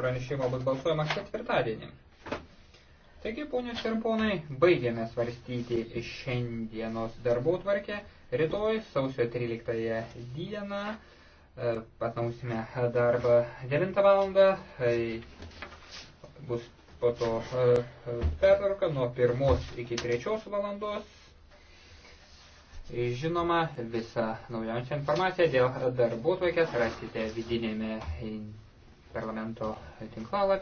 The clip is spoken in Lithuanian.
pranešimo bus balsuojama ketvirtadienį. Taigi, ponios ir ponai, baigėme svarstyti šiandienos darbų tvarkę. Rytoj, sausio 13 dieną, e, atnausime darbą 9 valandą. E, bus po to e, pertvarka nuo 1 iki 3 valandos. Žinoma, visą naujausią informaciją dėl darbų tvarkės rasite vidinėme parlamento tinklalapį.